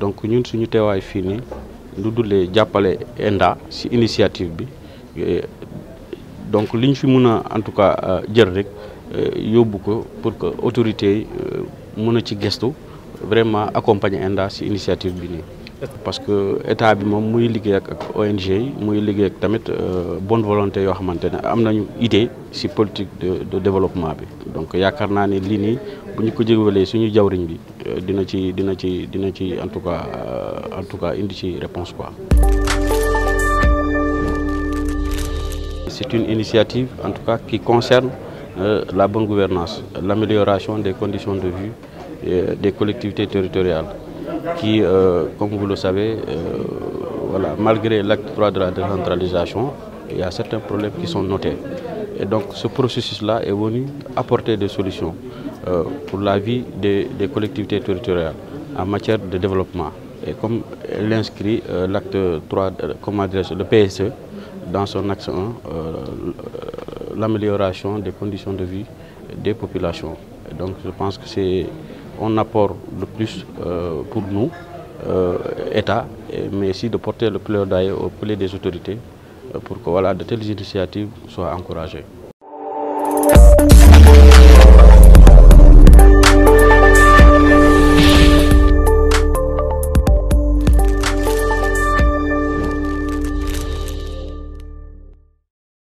donc ñun suñu teewaay fii nii lu dulee jàppale ENDA si initiative bi eh, donc li ñu fi mun a en tout cas euh, jël rek euh, yóbbu ko pour que autorités yi euh, mën a ci gestu vraiment accompagner ENDA si initiative bi nii. parce que état bi mom muy liggéey ak ak ONG muy liggéey ak tamit euh, bonne volonté yo xamantene ne am nañu idée ci politique de de développement bi donc yakarna naa ne lii nii ko jégalee suñu jawriñ bi euh, dina ci dina ci dina ci en tout cas euh, en tout cas indi ci réponse quoi. C'est une initiative en tout cas qui concerne la bonne gouvernance, l'amélioration des conditions de vie des collectivités territoriales qui, euh, comme vous le savez, euh, voilà, malgré l'acte 3 de la décentralisation, il y a certains problèmes qui sont notés. Et donc ce processus-là est venu apporter des solutions euh, pour la vie des, collectivités territoriales en matière de développement. Et comme l'inscrit l'acte 3, comme adresse le PSE, dans son axe 1, l'amélioration des conditions de vie des populations. Et donc je pense que c'est on apporte le plus euh, pour nous, euh, État, mais aussi de porter le plaidoyer au plaidoyer des autorités euh, pour que voilà, de telles initiatives soient encouragées.